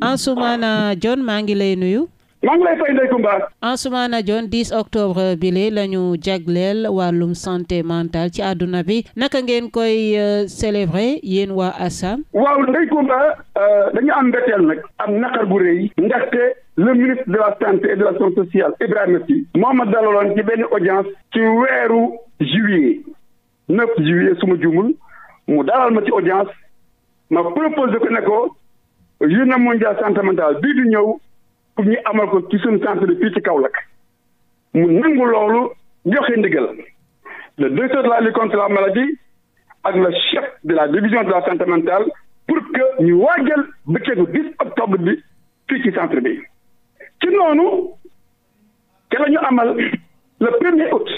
Ansoumana Dione maa ngi lay nuyu. maa ngi lay fay Ndeye Comba. Ansoumana Dione 10 octobre bi lee la ñu jagleel wàllum santé mentale ci àdduna bi naka ngeen koy euh, célébrer yéen waa ASSAMM. waaw Ndeye Comba euh, dañu am mbetteel nag. am naqar bu rëy. ndaxte le ministre de la santé et de sociale Ibrahima Sy. moo ma dalaloon ci benn audience. ci weeru juillet 9 juillet su ma juumul mu dalal ma ci audience ma proposé ko ne journée mondiale santé mentale bii di ñëw pour ñu amal ko ci suñu centre bi fii ci Kaolack mu nangu loolu joxe ndigal le directeur de la lutte contre la maladie ak le chef de la division de la santé pour que ñu waajal bëccëgu 10 octobre bi fii ci centre bi ci noonu te la ñu amal le premier août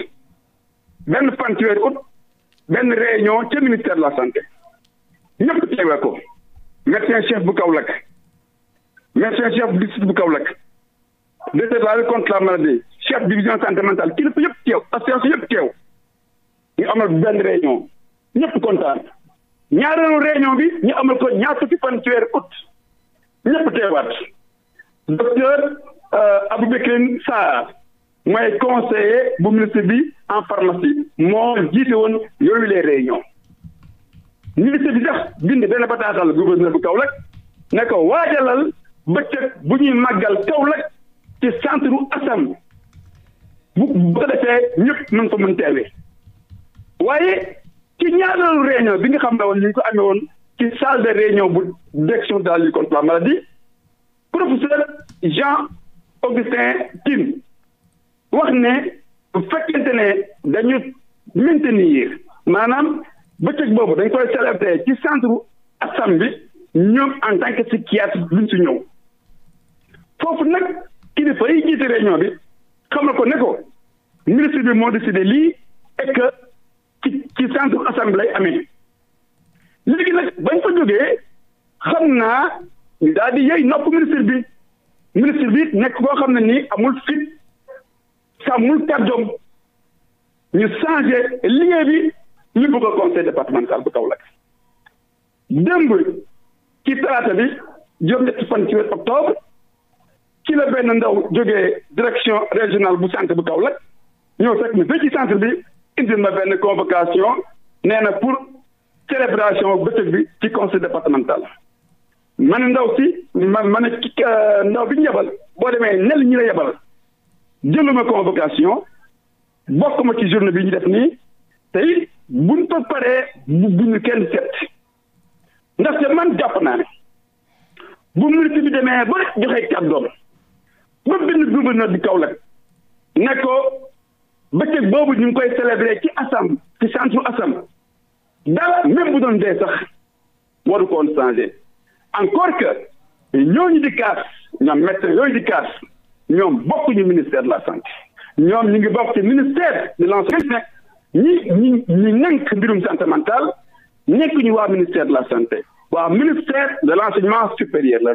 benn fanweeri août benn réunion ca ministère de la santé ñëpp teewee ko médecin chef bu Kaolack médecin chef bu district bu Kaolack directeur de la lutte contre la maladie chef division santé mentale kilifa yëpp teew association yëpp teew ñu amal benn réunion ñëpp kontaan ñaareelu réunion bi ñu amal ko ñaar fukki fan ci weeru août ñëpp teewaat docteur euh, Aboubacrine Sarr mooy conseiller bu ministre bi en pharmacie moo jiite woon yooyu les réunions ministre bi sax bind benn bataaxal gouverneur bu Kaolack ne ko waajalal bëccëg bu ñuy màggal Kaolack ci centre Assam bu bu defee ñëpp mën ko mën teewee waaye ci ñaareelu réunion bi nga xam ne woon ñu ko amee woon ci salle de réunion bu direction de la lutte contre maladie professeur Jean Augustin Tine wax ne fekkente ne dañu maintenir maanaam bëccëg boobu dañ koy célébrer ci centre assam bi ñoom en tant que psychiatre duñ si ñëw foofu nag kilifa yi jiite réunion bi xam na ko ne ko ministre bi moo décidé lii et que ci ci centre assemblée lay amee léegi nag bañ fa jógee xam naa ñu daal di yey nopp ministre bi ministre bi nekk koo xam ne ni amul fit sàmmul kàddoom ñu changé liggéey bi ñu bëgg a conseil départemental bu Kaolack démb ci talaata bi juróom-ñetti fan ci weeru octobre ci la benn ndaw jógee direction régionale bu santé bu Kaolack ñëw fekk na fii ci centre bi indil ma benn convocation nee na pour célébration bëccëg bi ci conseil départemental ma ne ndaw si ma ma ne euh, ndaw bi ñu yebal boo demee nel ñi la yebal jëluma convocation bokk ma ci journée bi ñu def nii buñ ko paree bu buñu kenn seet ndaxte man jàpp naa ne bu ministre bi demee ba joxe kàddoom ba benn gouverneur bi Kaolack ne ko bëccëg boobu ñu ngi koy célébrer ci Assam ci centre Assam dara même bu doon dee sax waru ko woon changé encore que ñooñu di kaas ñoom médecin yooyu di kaas ñoom bokkuñu ministère de la santé ñoom ñu ngi bokk ci ministère de l'enseignement ñi ñi ñi nekk mbirum santé mentale nekk ñu waa ministère de la santé waa ministère de l' enseignement la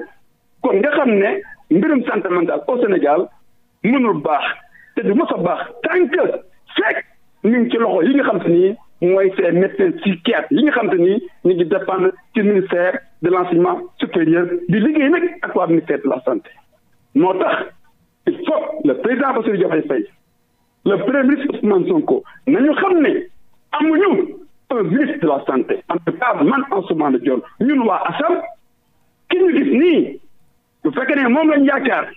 kon nga xam ne mbirum santé o au Sénégal mënul baax te du mos a baax tant que fekk ñu ngi ci loxo yi nga xam te ni mooy ces médecins psychiatres yi nga xam te ni ñu ngi dépendre ci ministère de l' enseignement supérieur di liggéey nag ak waa ministère de la santé moo tax il faut le président Bassirou Diomaye le premier ministre Ousmane Sonko nañu xam ne amuñu un ministre de la santé en tout cas man Ansoumana Dione ñun waa ASAM ki ñu gis nii bu fekkee ne moom lañ yaakaar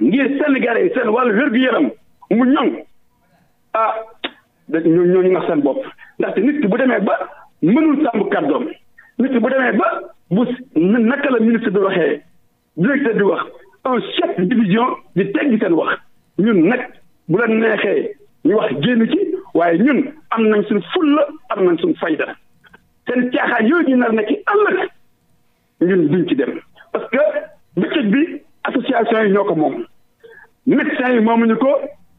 ngir Sénégalais yi seen wàllu wér-gu-yaram mu ñoŋ ah ñoo ñooñu nga seen bopp ndaxte nit ki bu demee ba mënul sàmm kàddoom nit ki bu demee ba bu naka la ministre di waxee directeur di wax un chef division di teggi seen wax ñun nag bu leen neexee ñu wax génn ci waaye ñun am nañ suñ fulla am nañ suñ fayda seen caaxaan yooyu ñu nar na ci ëllëg ñun duñ ci dem parce que bëccëg bi association yi ñoo ko moom médecins yi moomuñu ko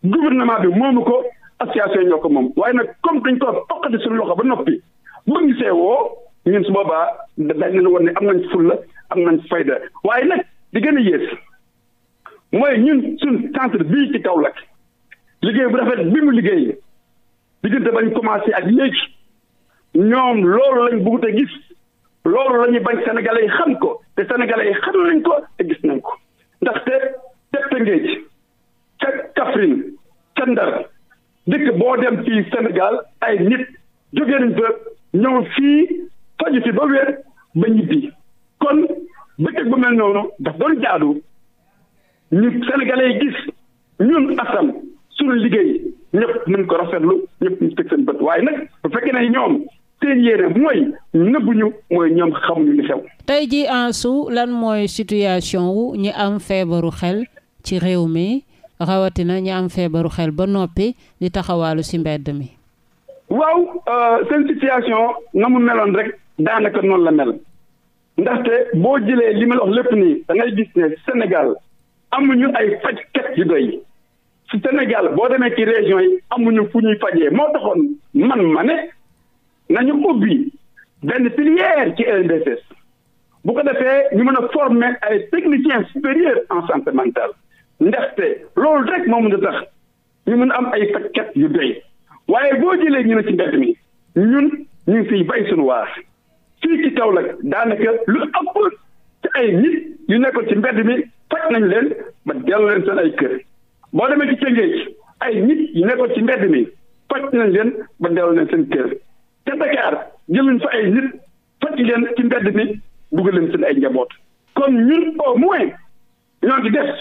gouvernement bi moomu ko association yi ñoo ko moom waaye nag comme dañ ko poqati suñu loxo ba noppi bu ñu see woo ñun su boobaa da dañ la woon ne am nañ fulla am nañ fayda waaye nag di gën a yées mooy ñun suñ centre bii ci Kaolack liggéey bu rafet bi mu liggéey diggante bañ commencé ak léegi ñoom loolu lañ bëggut a gis loolu la bañ sénégalais yi xam ko te sénégalais yi xam nañ ko te gis nañ ko ndaxte ca Tëngéej ca dëkk boo dem fii senegal ay nit jógee nañ fa ñëw fii faju fi ba wér ba ñibbi kon bëccëg bu mel noonu daf doon jaadu ñu sénégalais gis ñun asam suñu liggéey ñëpp nañ ko rafetlu ñëpp ñu teg seen bët waaye nag bu fekkee ne ñoom te yéene mooy nëbbuñu mooy ñoom xamuñu li xew. tey ji Ansu lan mooy situation wu ñi am feebaru xel ci réew mi rawatina ñi am feebaru xel ba noppi di taxawaalu ci mbedd mi. waaw euh, seen situation na mu meloon rek daanaka noon la mel ndaxte boo jëlee li ma lépp nii da gis ne Sénégal amuñu ay fajkat yu doy. ci Sénégal boo demee ci région yi amuñu fu ñuy fajee moo taxoon man ma ne nañu ubbi benn filière ci ENDSS bu ko defee ñu mën a former ay techniciens supérieurs en santé mentale ndaxte loolu rek moo mën tax ñu mën a am ay fajkat yu doy waaye boo jëlee ñu ne ci mbedd mi ñun ñu ngi fiy bay suñu waar fii ci Kaolack daanaka lu ëpp ci ay nit yu nekkoon ci mbedd mi faj nañu leen ba dellu leen seen ay kër boo demee ci Tëngéej ay nit yu nekkoon ci mbedd mi faj nañ leen ba delloo leen seen kër te Dakar jël nañ fa ay nit faj leen ci mbedd mi bugg leen seen ay njaboot kon ñun au moins ñoo ngi def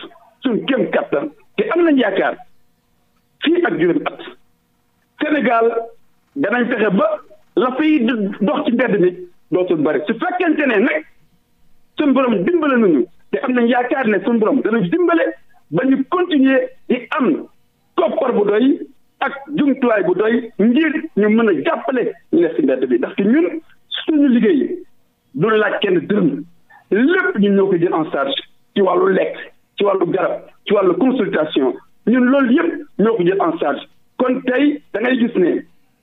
suñ kéem kattan te am nañ yaakaar fii ak juróom at Sénégal danañ fexe ba la fay dox ci mbedd mi dootul bëri su fekkente ne nag suñ borom dimbale nañu te am nañ yaakaar ne suñ borom danañ dimbale. ba ñu continuer di am koppar bu doy ak jumtuwaay bu doy ngir ñu mën a jàppale ñu ne si mbedd bi que ñun suñu liggéey du laaj kenn dërëm lépp ñun ñoo ko jël en charge ci wàllu lekk ci wàllu garab ci wàllu consultation ñun loolu yëpp ñoo ko jël en charge kon tey dangay gis ne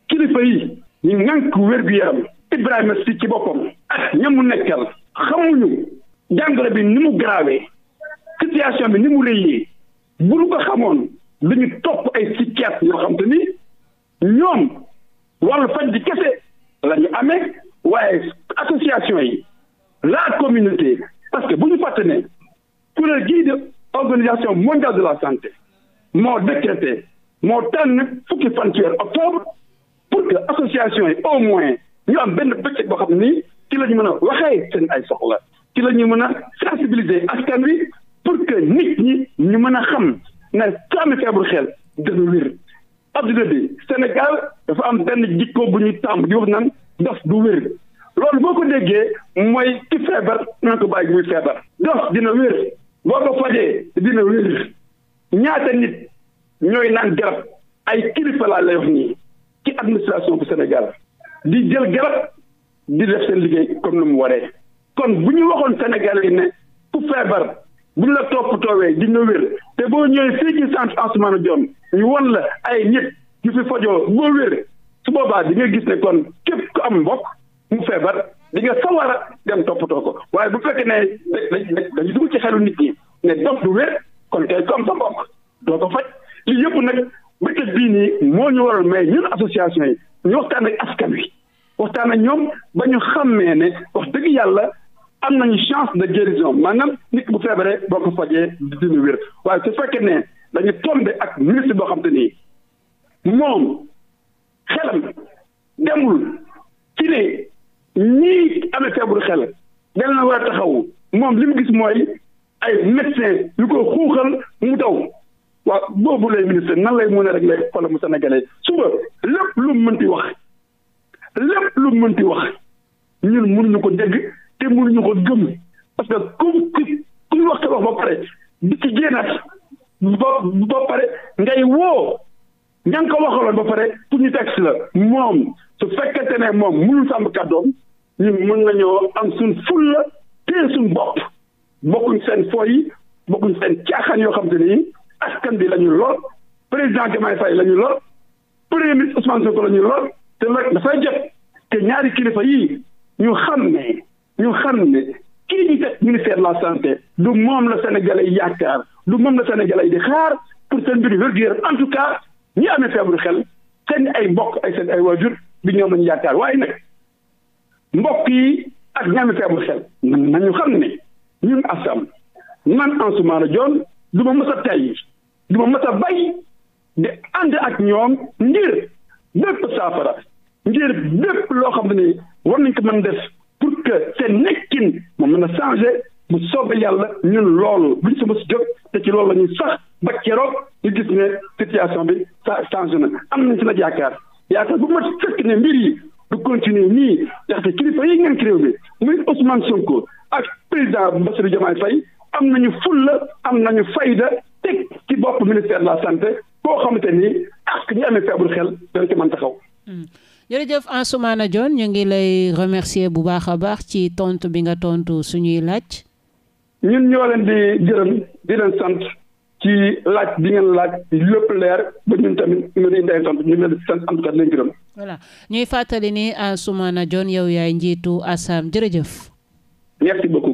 kilifa yi ñu ŋànk wér-gu-yaram Ibrahima si ci boppam ak ñamu nekkal xamuñu jàngoro bi ni mu garaawee situation bi ni mu li bu ñu ko xamoon dañu top ay psychiatre yoo xam te ni ñoom wàllu faj bi kese la ñu amee waaye association yi la communauté parce que bu ñu fàtte ne kuréel gii de organisation mondiale de la santé moo décrété moo tànn fukki fan ci weeru octobre pour que association yi au moins ñu am benn bëccëg boo xam ni ci la ñu mën a waxee seen ay soxla ci la ñu mën a sensibiliser askan wi pour que nit ñi ñu mën a xam ne ku amee xel dana wér adduna bi Sénégal dafa am benn jikko bu ñuy tàmm di wax naan dof du wér loolu boo ko déggee mooy ki feebar na ko bàyyi muy feebar dof dina wér boo ko fajee dina wér ñaata nit ñooy naan garab ay kilifa laa lay wax nii ci administration bu Sénégal di jël garab di def seen liggéey comme ni mu waree kon bu ñu waxoon Sénégal yi ne ku feebar buñ la toppatoowee di nga wér te boo ñëwee fii ci centre Ansoumana Dione ñu won la ay nit ñu fi fajoo boo wér su boobaa di nga gis ne kon képp ku am mbokk mu feebar di nga sawar a dem toppatoo ko waaye bu fekkee ne dañu dugg ci xelu nit ñi ne dof du wér kon kay ku am sa mbokk doo ko faj lii yëpp nag bëccëg bii nii moo ñu waral mais ñun association yi ñu waxtaan ak askan wi waxtaan ak ñoom ba ñu xàmmee ne wax dëgg yàlla am nañu chance de guérison maanaam nit bu feebaree boo ko fajee dina wér waaye su fekkee ne dañu tombé ak ministre boo xam te nii moom xelam demul ci ne ñii amee feebaru xel dañ la war a taxaw moom li mu gis mooy ay médecin yu ko xuuxal mu daw waaw boobu lay ministre nan lay mën a régler problème sénégalais suba lépp lu mu ti wax lépp lu mu mënti wax ñun mënuñu ko dégg te mënuñu ko gëm parce que ku ku ku wax te wax ba pare di ci génnaat ba ba pare ngay woo ña ko ko waxaloon ba pare pour ñu teg si la moom su fekkente ne moom mu mënul sàmm kàddoom ñu mën nañoo am suñ fulla téye suñ bopp bokkuñ seen fo yi bokkuñ seen caaxaan yoo xam te ni askan bi la ñu lor président Diomaye Faye la ñu lor premier ministre ko Sonko la ñu lor te nag dafay jot te ñaari kilifa yi ñu xam ne ñu xam ne kii di teg ministère de la santé du moom la Sénégalais yaakaar du moom la Sénégalais di xaar pour seen mbir wér gu en tout cas ñu amee feebaru xel seen ay mbokk ay seen ay waajur bi ñoom lañu yaakaar waaye nag mbokk yi ak ñi amee feebaru xel nañu xam ne ñun asam man Ansoumana Dione du ma mës a tey du ma mës a bay di ànd ak ñoom ngir bépp saafara ngir bépp loo xam ne war nañ ko mën def pour que seen nekkin mu mën a changer bu soobee yàlla ñun loolu buñ si mos jóg te ci loolu la ñuy sax ba keroog ñu gis ne situation bi sa changé na am nañ ci nag yaakaar yaakaar bu ma fekk ne mbir yi du continuer nii ndaxte kilifa yi ngeen ci réew mi muy Ousmane Sonko ak président Bassirou Diomaye fay am na ñu fulla am na ñu fayda teg ci bopp ministère la santé boo xamante ni ak ñu amee feebul xel dana ci mën taxaw. Hmm. jërëjëf Ansoumana Dione ñu ngi lay remercier bu baax a baax ci tontu bi nga tontu suñuy laaj. ñun ñoo leen di gërëm di leen sant ci laaj bi ngeen laaj lépp leer ba ñun tamit ñu ngi di sant am kat leen gërëm. voilà ñuy fàttali ni Ansoumana Dione yow yaay njiitu ASSAMM jërëjëf.